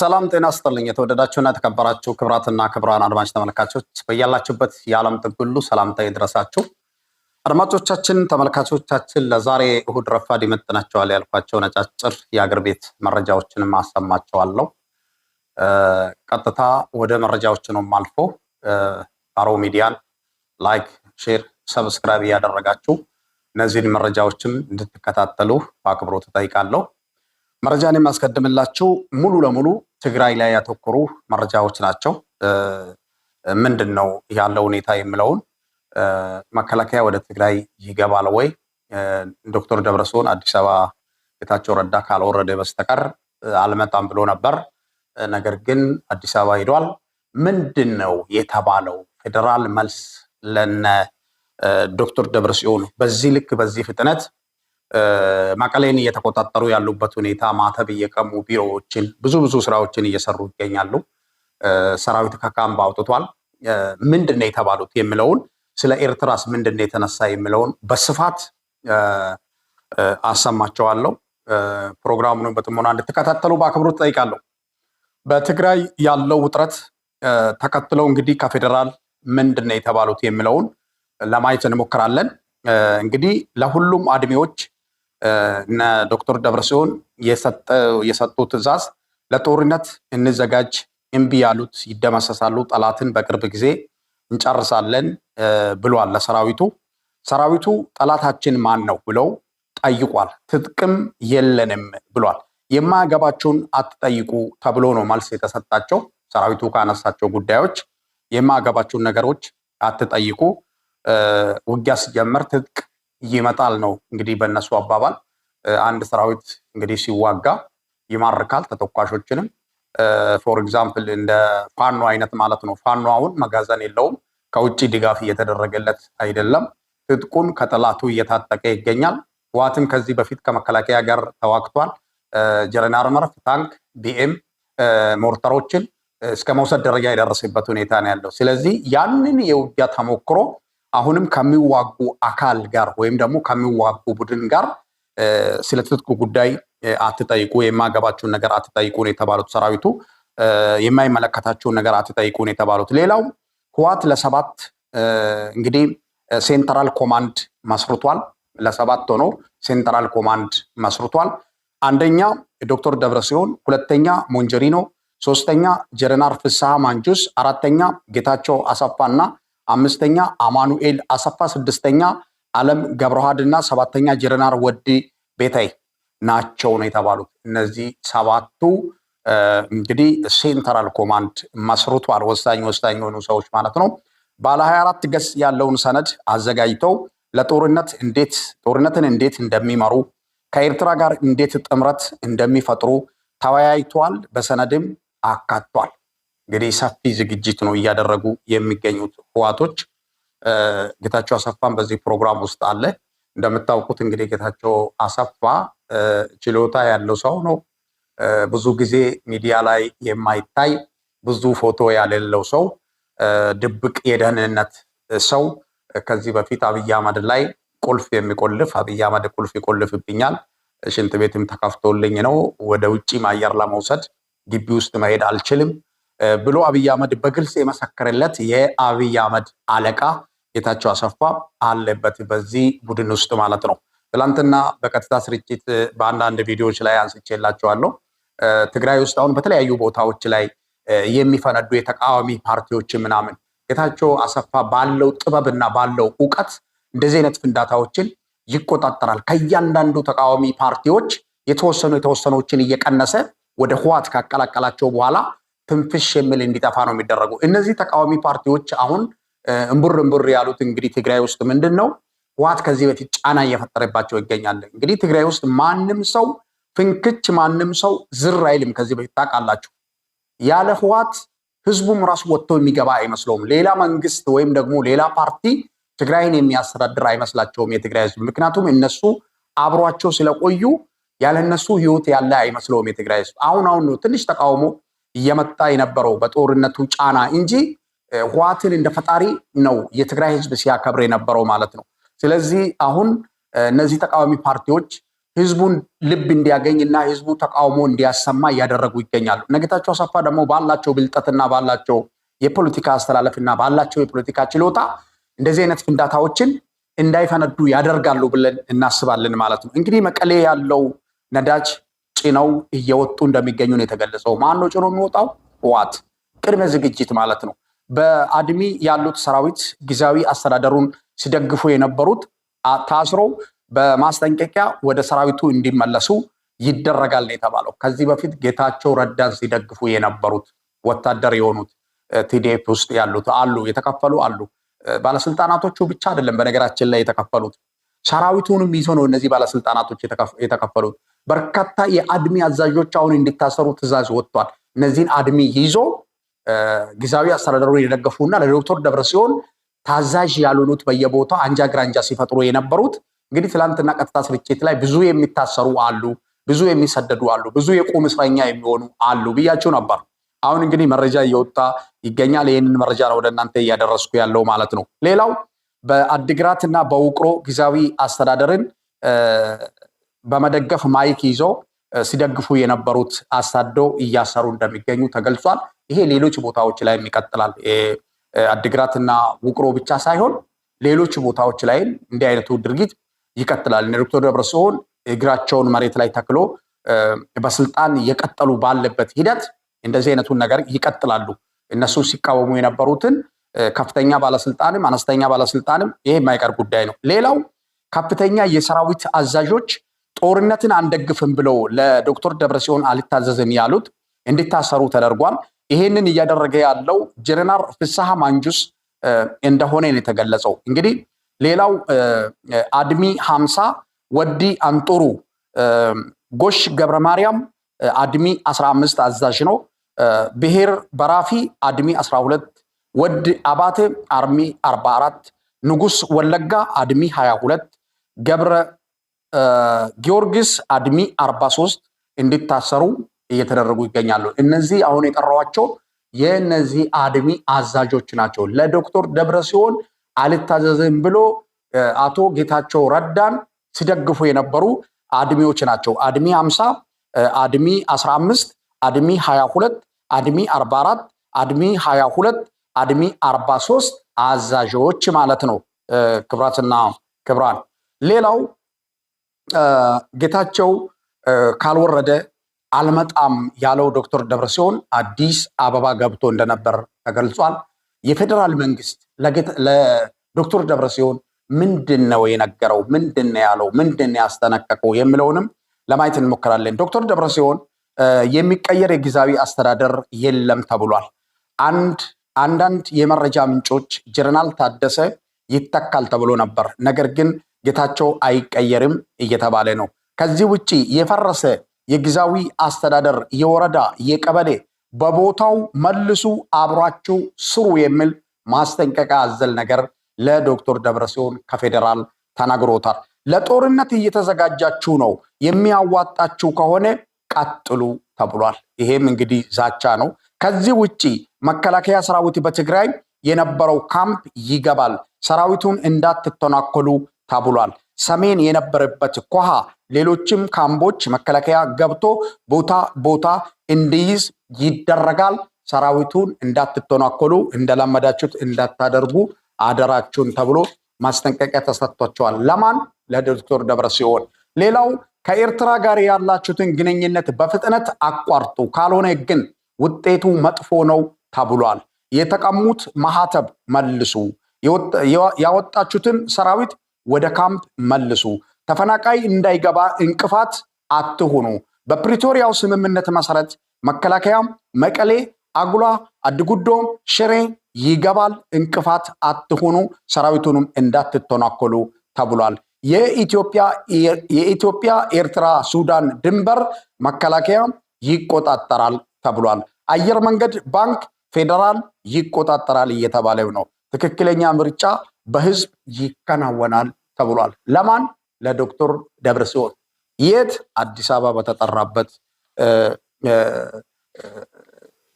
ሰላም ጤና ስጥልኝ። የተወደዳችሁና የተከበራችሁ ክብራትና ክብራን አድማጭ ተመልካቾች በያላችሁበት የዓለም ጥግ ሁሉ ሰላምታ ይድረሳችሁ። አድማጮቻችን፣ ተመልካቾቻችን ለዛሬ እሁድ ረፋድ ይመጥናቸዋል ያልኳቸው ነጫጭር የአገር ቤት መረጃዎችንም አሰማቸዋለሁ። ቀጥታ ወደ ነው አልፎ ባሮ ሚዲያን ላይክ፣ ሼር፣ ሰብስክራይብ እያደረጋችሁ እነዚህን መረጃዎችም እንድትከታተሉ በአክብሮት እጠይቃለሁ። መረጃን የማስቀድምላችሁ ሙሉ ለሙሉ ትግራይ ላይ ያተኮሩ መረጃዎች ናቸው። ምንድን ነው ያለው ሁኔታ የሚለውን መከላከያ ወደ ትግራይ ይገባል ወይ? ዶክተር ደብረጽዮን አዲስ አበባ ጌታቸው ረዳ ካልወረደ በስተቀር አልመጣም ብሎ ነበር። ነገር ግን አዲስ አበባ ሄዷል። ምንድን ነው የተባለው? ፌዴራል መልስ ለነ ዶክተር ደብረጽዮን በዚህ ልክ በዚህ ፍጥነት መቀሌን እየተቆጣጠሩ ያሉበት ሁኔታ፣ ማተብ እየቀሙ ቢሮዎችን፣ ብዙ ብዙ ስራዎችን እየሰሩ ይገኛሉ። ሰራዊት ከካምባ አውጥቷል። ምንድን ነው የተባሉት የሚለውን ስለ ኤርትራስ ምንድን ነው የተነሳ የሚለውን በስፋት አሰማቸዋለሁ። ፕሮግራሙን በጥሞና እንድትከታተሉ በአክብሮት ጠይቃለሁ። በትግራይ ያለው ውጥረት ተከትለው እንግዲህ ከፌዴራል ምንድን ነው የተባሉት የሚለውን ለማየት እንሞክራለን። እንግዲህ ለሁሉም አድሜዎች እና ዶክተር ደብረጽዮን የሰጡ ትዕዛዝ ለጦርነት እንዘጋጅ፣ እምቢ ያሉት ይደመሰሳሉ፣ ጠላትን በቅርብ ጊዜ እንጨርሳለን ብሏል። ለሰራዊቱ ሰራዊቱ ጠላታችን ማን ነው ብለው ጠይቋል። ትጥቅም የለንም ብሏል። የማያገባቸውን አትጠይቁ ተብሎ ነው መልስ የተሰጣቸው። ሰራዊቱ ካነሳቸው ጉዳዮች የማያገባቸውን ነገሮች አትጠይቁ፣ ውጊያ ሲጀመር ትጥቅ ይመጣል ነው እንግዲህ በእነሱ አባባል። አንድ ሰራዊት እንግዲህ ሲዋጋ ይማርካል ተተኳሾችንም። ፎር ኤግዛምፕል እንደ ፋኖ አይነት ማለት ነው። ፋኖ አሁን መጋዘን የለውም፣ ከውጭ ድጋፍ እየተደረገለት አይደለም። ትጥቁን ከጠላቱ እየታጠቀ ይገኛል። ህወሓትም ከዚህ በፊት ከመከላከያ ጋር ተዋግቷል። ጀረናር መርፍ፣ ታንክ፣ ቢኤም ሞርተሮችን እስከ መውሰድ ደረጃ የደረሰበት ሁኔታ ነው ያለው። ስለዚህ ያንን የውጊያ ተሞክሮ አሁንም ከሚዋጉ አካል ጋር ወይም ደግሞ ከሚዋጉ ቡድን ጋር ስለ ትጥቁ ጉዳይ አትጠይቁ፣ የማገባቸውን ነገር አትጠይቁ ነው የተባሉት። ሰራዊቱ የማይመለከታቸውን ነገር አትጠይቁ ነው የተባሉት። ሌላው ህዋት ለሰባት እንግዲህ ሴንትራል ኮማንድ መስርቷል። ለሰባት ሆኖ ሴንትራል ኮማንድ መስርቷል። አንደኛ ዶክተር ሲሆን፣ ሁለተኛ ሞንጀሪኖ፣ ሶስተኛ ጀረናር ፍስሐ ማንጁስ፣ አራተኛ ጌታቸው አሰፋና አምስተኛ አማኑኤል አሰፋ፣ ስድስተኛ አለም ገብረሃድ እና ሰባተኛ ጀረናር ወዲ ቤታይ ናቸው ነው የተባሉት። እነዚህ ሰባቱ እንግዲህ ሴንትራል ኮማንድ መስርቷል። ወሳኝ ወሳኝ የሆኑ ሰዎች ማለት ነው። ባለ 24 ገጽ ያለውን ሰነድ አዘጋጅተው ለጦርነት እንዴት ጦርነትን እንዴት እንደሚመሩ ከኤርትራ ጋር እንዴት ጥምረት እንደሚፈጥሩ ተወያይቷል። በሰነድም አካቷል። እንግዲህ ሰፊ ዝግጅት ነው እያደረጉ የሚገኙት ህዋቶች። ጌታቸው አሰፋን በዚህ ፕሮግራም ውስጥ አለ። እንደምታውቁት እንግዲህ ጌታቸው አሰፋ ችሎታ ያለው ሰው ነው። ብዙ ጊዜ ሚዲያ ላይ የማይታይ ብዙ ፎቶ ያሌለው ሰው፣ ድብቅ የደህንነት ሰው። ከዚህ በፊት አብይ አህመድ ላይ ቁልፍ የሚቆልፍ አብይ አህመድ ቁልፍ ይቆልፍብኛል፣ ሽንት ቤትም ተከፍቶልኝ ነው፣ ወደ ውጭ አየር ለመውሰድ ግቢ ውስጥ መሄድ አልችልም ብሎ አብይ አህመድ በግልጽ የመሰከረለት የአብይ አህመድ አለቃ ጌታቸው አሰፋ አለበት በዚህ ቡድን ውስጥ ማለት ነው። ትላንትና በቀጥታ ስርጭት በአንዳንድ ቪዲዮዎች ላይ አንስቼላቸዋለሁ። ትግራይ ውስጥ አሁን በተለያዩ ቦታዎች ላይ የሚፈነዱ የተቃዋሚ ፓርቲዎች ምናምን ጌታቸው አሰፋ ባለው ጥበብና ባለው እውቀት እንደዚህ አይነት ፍንዳታዎችን ይቆጣጠራል። ከእያንዳንዱ ተቃዋሚ ፓርቲዎች የተወሰኑ የተወሰኖችን እየቀነሰ ወደ ህዋት ካቀላቀላቸው በኋላ ትንፍሽ የሚል እንዲጠፋ ነው የሚደረጉ። እነዚህ ተቃዋሚ ፓርቲዎች አሁን እምቡር እምቡር ያሉት እንግዲህ ትግራይ ውስጥ ምንድን ነው ህወሓት ከዚህ በፊት ጫና እየፈጠረባቸው ይገኛል። እንግዲህ ትግራይ ውስጥ ማንም ሰው ፍንክች ማንም ሰው ዝር አይልም። ከዚህ በፊት ታውቃላችሁ፣ ያለ ህወሓት ህዝቡም ራሱ ወጥቶ የሚገባ አይመስለውም። ሌላ መንግስት ወይም ደግሞ ሌላ ፓርቲ ትግራይን የሚያስተዳድር አይመስላቸውም የትግራይ ህዝብ። ምክንያቱም እነሱ አብሯቸው ስለቆዩ ያለ እነሱ ህይወት ያለ አይመስለውም የትግራይ ህዝብ። አሁን አሁን ነው ትንሽ ተቃውሞ እየመጣ የነበረው በጦርነቱ ጫና እንጂ ህዋትን እንደ ፈጣሪ ነው የትግራይ ህዝብ ሲያከብር የነበረው ማለት ነው። ስለዚህ አሁን እነዚህ ተቃዋሚ ፓርቲዎች ህዝቡን ልብ እንዲያገኝ እና ህዝቡ ተቃውሞ እንዲያሰማ እያደረጉ ይገኛሉ። ነገታቸው ሰፋ አሰፋ ደግሞ ባላቸው ብልጠትና ባላቸው የፖለቲካ አስተላለፍና ባላቸው የፖለቲካ ችሎታ እንደዚህ አይነት ፍንዳታዎችን እንዳይፈነዱ ያደርጋሉ ብለን እናስባለን ማለት ነው። እንግዲህ መቀሌ ያለው ነዳጅ ጭነው እየወጡ እንደሚገኙ ነው የተገለጸው። ማን ነው ጭኖ የሚወጣው? ህወሓት ቅድመ ዝግጅት ማለት ነው። በአድሚ ያሉት ሰራዊት ጊዜያዊ አስተዳደሩን ሲደግፉ የነበሩት ታስሮ በማስጠንቀቂያ ወደ ሰራዊቱ እንዲመለሱ ይደረጋል የተባለው ከዚህ በፊት ጌታቸው ረዳን ሲደግፉ የነበሩት ወታደር የሆኑት ቲዴፍ ውስጥ ያሉት አሉ፣ የተከፈሉ አሉ። ባለስልጣናቶቹ ብቻ አይደለም በነገራችን ላይ የተከፈሉት ሰራዊቱንም ይዞ ነው እነዚህ ባለስልጣናቶች የተከፈሉት። በርካታ የአድሚ አዛዦች አሁን እንዲታሰሩ ትዕዛዝ ወጥቷል። እነዚህን አድሚ ይዞ ጊዜያዊ አስተዳደሩን የደገፉና ለዶክተር ሲሆን ታዛዥ ያልሆኑት በየቦታው አንጃ ግራንጃ ሲፈጥሩ የነበሩት እንግዲህ ትላንትና ቀጥታ ስርጭት ላይ ብዙ የሚታሰሩ አሉ፣ ብዙ የሚሰደዱ አሉ፣ ብዙ የቁም እስረኛ የሚሆኑ አሉ ብያቸው ነበር። አሁን እንግዲህ መረጃ እየወጣ ይገኛል። ይህንን መረጃ ነው ወደ እናንተ እያደረስኩ ያለው ማለት ነው። ሌላው በአድግራት እና በውቅሮ ጊዜያዊ አስተዳደርን በመደገፍ ማይክ ይዞ ሲደግፉ የነበሩት አሳደው እያሰሩ እንደሚገኙ ተገልጿል። ይሄ ሌሎች ቦታዎች ላይም ይቀጥላል። አድግራትና ውቅሮ ብቻ ሳይሆን ሌሎች ቦታዎች ላይም እንዲህ አይነቱ ድርጊት ይቀጥላል። ዶክተር ሲሆን እግራቸውን መሬት ላይ ተክሎ በስልጣን የቀጠሉ ባለበት ሂደት እንደዚህ አይነቱን ነገር ይቀጥላሉ። እነሱ ሲቃወሙ የነበሩትን ከፍተኛ ባለስልጣንም አነስተኛ ባለስልጣንም ይሄ የማይቀር ጉዳይ ነው። ሌላው ከፍተኛ የሰራዊት አዛዦች ጦርነትን አንደግፍም ብለው ለዶክተር ደብረጽዮን አልታዘዝም ያሉት እንዲታሰሩ ተደርጓል። ይሄንን እያደረገ ያለው ጀነራል ፍስሐ ማንጁስ እንደሆነ ነው የተገለጸው። እንግዲህ ሌላው አድሚ ሀምሳ ወዲ አንጦሩ ጎሽ ገብረ ማርያም አድሚ 15 አዛዥ ነው። ብሔር በራፊ አድሚ 12 ወድ አባቴ አርሚ 44 ንጉስ ወለጋ አድሚ 22 ገብረ ጊዮርጊስ አድሚ አርባ ሶስት እንዲታሰሩ እየተደረጉ ይገኛሉ። እነዚህ አሁን የጠራዋቸው የእነዚህ አድሚ አዛዦች ናቸው። ለዶክተር ደብረ ሲሆን አልታዘዝም ብሎ አቶ ጌታቸው ረዳን ሲደግፉ የነበሩ አድሚዎች ናቸው። አድሚ ሀምሳ አድሚ አስራ አምስት አድሚ ሀያ ሁለት አድሚ አርባ አራት አድሚ ሀያ ሁለት አድሚ አርባ ሶስት አዛዦች ማለት ነው። ክብራትና ክብራን ሌላው ጌታቸው ካልወረደ አልመጣም ያለው ዶክተር ደብረጽዮን አዲስ አበባ ገብቶ እንደነበር ተገልጿል። የፌዴራል መንግስት ለዶክተር ደብረጽዮን ምንድን ነው የነገረው? ምንድን ነው ያለው? ምንድን ነው ያስጠነቀቀው? የሚለውንም ለማየት እንሞክራለን። ዶክተር ደብረጽዮን የሚቀየር የጊዜያዊ አስተዳደር የለም ተብሏል። አንድ አንዳንድ የመረጃ ምንጮች ጀነራል ታደሰ ይተካል ተብሎ ነበር። ነገር ግን ጌታቸው አይቀየርም እየተባለ ነው። ከዚህ ውጭ የፈረሰ የጊዜያዊ አስተዳደር የወረዳ የቀበሌ በቦታው መልሱ አብራችሁ ስሩ የሚል ማስጠንቀቂያ አዘል ነገር ለዶክተር ደብረጽዮን ከፌዴራል ተናግሮታል። ለጦርነት እየተዘጋጃችሁ ነው፣ የሚያዋጣችሁ ከሆነ ቀጥሉ ተብሏል። ይሄም እንግዲህ ዛቻ ነው። ከዚህ ውጭ መከላከያ ሰራዊት በትግራይ የነበረው ካምፕ ይገባል፣ ሰራዊቱን እንዳትተናከሉ ታብሏል። ሰሜን የነበረበት ኳሃ ሌሎችም ካምቦች መከላከያ ገብቶ ቦታ ቦታ እንዲይዝ ይደረጋል። ሰራዊቱን እንዳትተናኮሉ እንደለመዳችሁት እንዳታደርጉ አደራችሁን ተብሎ ማስጠንቀቂያ ተሰጥቷቸዋል። ለማን? ለዶክተር ሲሆን ሌላው ከኤርትራ ጋር ያላችሁትን ግንኙነት በፍጥነት አቋርጡ፣ ካልሆነ ግን ውጤቱ መጥፎ ነው ተብሏል። የተቀሙት ማህተብ መልሱ፣ ያወጣችሁትን ሰራዊት ወደ ካምፕ መልሱ። ተፈናቃይ እንዳይገባ እንቅፋት አትሁኑ። በፕሪቶሪያው ስምምነት መሰረት መከላከያ መቀሌ፣ አጉላ፣ አድጉዶ፣ ሽሬ ይገባል። እንቅፋት አትሁኑ፣ ሰራዊቱንም እንዳትተናኮሉ ተብሏል። የኢትዮጵያ ኤርትራ፣ ሱዳን ድንበር መከላከያ ይቆጣጠራል ተብሏል። አየር መንገድ፣ ባንክ፣ ፌዴራል ይቆጣጠራል እየተባለው ነው። ትክክለኛ ምርጫ በህዝብ ይከናወናል ተብሏል። ለማን ለዶክተር ደብረ ሲሆን የት አዲስ አበባ በተጠራበት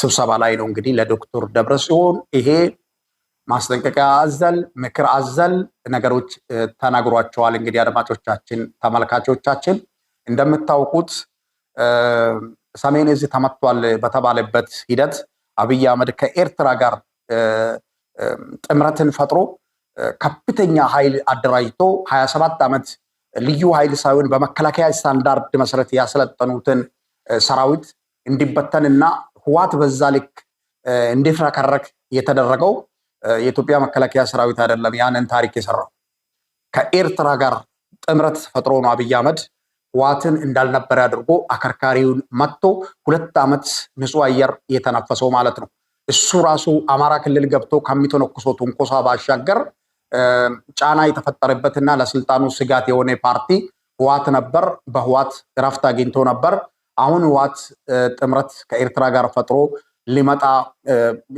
ስብሰባ ላይ ነው እንግዲህ ለዶክተር ደብረ ሲሆን ይሄ ማስጠንቀቂያ አዘል ምክር አዘል ነገሮች ተናግሯቸዋል። እንግዲህ አድማጮቻችን፣ ተመልካቾቻችን እንደምታውቁት ሰሜን እዝ ተመቷል በተባለበት ሂደት አብይ አህመድ ከኤርትራ ጋር ጥምረትን ፈጥሮ ከፍተኛ ኃይል አደራጅቶ 27 ዓመት ልዩ ኃይል ሳይሆን በመከላከያ ስታንዳርድ መሰረት ያሰለጠኑትን ሰራዊት እንዲበተንና ህዋት በዛ ልክ እንዲፍረከረክ የተደረገው የኢትዮጵያ መከላከያ ሰራዊት አይደለም። ያንን ታሪክ የሰራው ከኤርትራ ጋር ጥምረት ፈጥሮ ነው አብይ አህመድ ህዋትን እንዳልነበረ አድርጎ አከርካሪውን መጥቶ ሁለት ዓመት ንጹህ አየር የተነፈሰው ማለት ነው። እሱ ራሱ አማራ ክልል ገብቶ ከሚተነኩሰው ትንኮሳ ባሻገር ጫና የተፈጠረበትና ለስልጣኑ ስጋት የሆነ ፓርቲ ህዋት ነበር። በህዋት እረፍት አግኝቶ ነበር። አሁን ህዋት ጥምረት ከኤርትራ ጋር ፈጥሮ ሊመጣ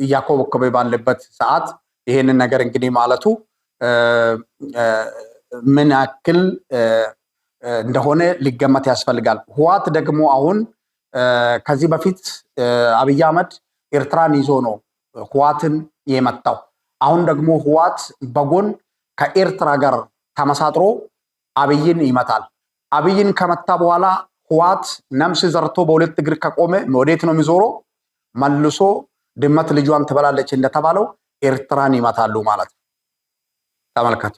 እያኮበኮበ ባለበት ሰዓት ይሄንን ነገር እንግዲህ ማለቱ ምን ያክል እንደሆነ ሊገመት ያስፈልጋል። ህዋት ደግሞ አሁን ከዚህ በፊት አብይ አህመድ ኤርትራን ይዞ ነው ህዋትን የመጣው። አሁን ደግሞ ህዋት በጎን ከኤርትራ ጋር ተመሳጥሮ አብይን ይመታል። አብይን ከመታ በኋላ ህዋት ነምስ ዘርቶ በሁለት እግር ከቆመ ወዴት ነው የሚዞሮ? መልሶ ድመት ልጇን ትበላለች እንደተባለው ኤርትራን ይመታሉ ማለት ነው። ተመልከቱ።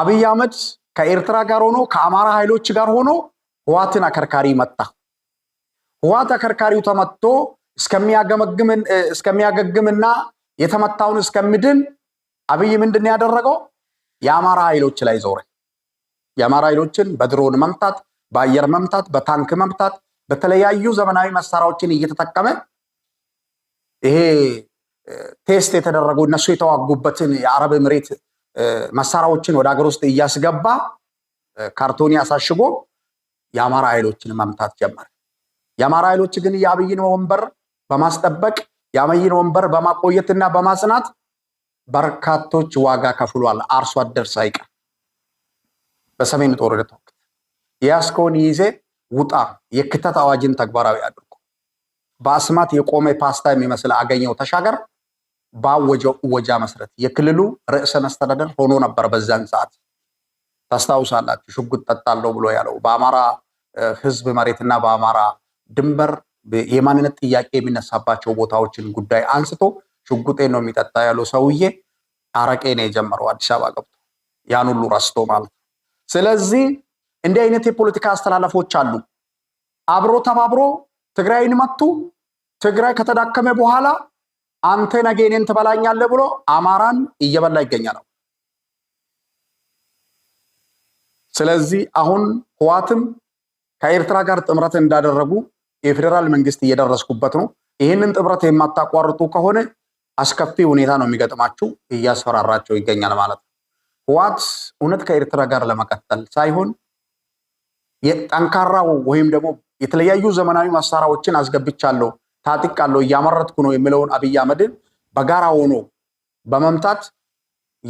አብይ አህመድ ከኤርትራ ጋር ሆኖ ከአማራ ኃይሎች ጋር ሆኖ ህዋትን አከርካሪ መታ። ህዋት አከርካሪው ተመቶ እስከሚያገግምና የተመታውን እስከምድን አብይ ምንድን ያደረገው የአማራ ኃይሎች ላይ ዞረ። የአማራ ኃይሎችን በድሮን መምታት፣ በአየር መምታት፣ በታንክ መምታት፣ በተለያዩ ዘመናዊ መሳሪያዎችን እየተጠቀመ ይሄ ቴስት የተደረጉ እነሱ የተዋጉበትን የአረብ ምሬት መሳሪያዎችን ወደ ሀገር ውስጥ እያስገባ ካርቶን ያሳሽጎ የአማራ ኃይሎችን መምታት ጀመረ። የአማራ ኃይሎች ግን የአብይን ወንበር በማስጠበቅ የአመይን ወንበር በማቆየትና በማጽናት በርካቶች ዋጋ ከፍሏል። አርሶ አደር ሳይቀር በሰሜን ጦርነት ወቅት የያዝከውን ይዜ ውጣ የክተት አዋጅን ተግባራዊ አድርጎ በአስማት የቆመ ፓስታ የሚመስል አገኘው ተሻገር ባወጀው እወጃ መሰረት የክልሉ ርዕሰ መስተዳደር ሆኖ ነበር። በዛን ሰዓት ታስታውሳላችሁ፣ ሽጉጥ ጠጣለው ብሎ ያለው በአማራ ህዝብ መሬትና በአማራ ድንበር የማንነት ጥያቄ የሚነሳባቸው ቦታዎችን ጉዳይ አንስቶ ሽጉጤ ነው የሚጠጣ ያለው ሰውዬ አረቄ ነው የጀመረው አዲስ አበባ ገብቶ ያን ሁሉ ረስቶ ማለት ነው። ስለዚህ እንዲህ አይነት የፖለቲካ አስተላለፎች አሉ። አብሮ ተባብሮ ትግራይን መቱ። ትግራይ ከተዳከመ በኋላ አንተ ነገ እኔን ትበላኛለህ ብሎ አማራን እየበላ ይገኛል። ስለዚህ አሁን ህዋትም ከኤርትራ ጋር ጥምረት እንዳደረጉ የፌዴራል መንግስት እየደረስኩበት ነው፣ ይህንን ጥብረት የማታቋርጡ ከሆነ አስከፊ ሁኔታ ነው የሚገጥማችሁ እያስፈራራቸው ይገኛል ማለት ነው። ህወሓት እውነት ከኤርትራ ጋር ለመቀጠል ሳይሆን ጠንካራው ወይም ደግሞ የተለያዩ ዘመናዊ መሳሪያዎችን አስገብቻለሁ፣ ታጥቃለሁ፣ እያመረትኩ ነው የሚለውን አብይ አህመድን በጋራ ሆኖ በመምታት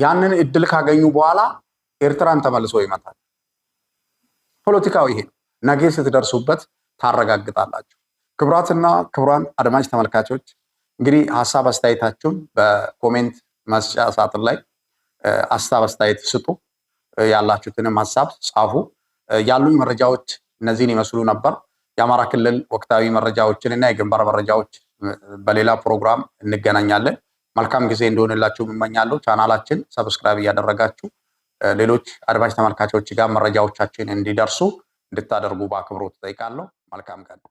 ያንን እድል ካገኙ በኋላ ኤርትራን ተመልሶ ይመታል። ፖለቲካው ይሄ ነው። ነገ ስትደርሱበት ታረጋግጣላችሁ። ክቡራትና ክቡራን አድማጭ ተመልካቾች እንግዲህ ሀሳብ አስተያየታችሁን በኮሜንት መስጫ ሳጥን ላይ ሀሳብ አስተያየት ስጡ። ያላችሁትንም ሀሳብ ጻፉ። ያሉኝ መረጃዎች እነዚህን ይመስሉ ነበር። የአማራ ክልል ወቅታዊ መረጃዎችን እና የግንባር መረጃዎች በሌላ ፕሮግራም እንገናኛለን። መልካም ጊዜ እንደሆንላችሁ እመኛለሁ። ቻናላችን ሰብስክራይብ እያደረጋችሁ ሌሎች አድማጭ ተመልካቾች ጋር መረጃዎቻችን እንዲደርሱ እንድታደርጉ በአክብሮት እጠይቃለሁ። መልካም ቀን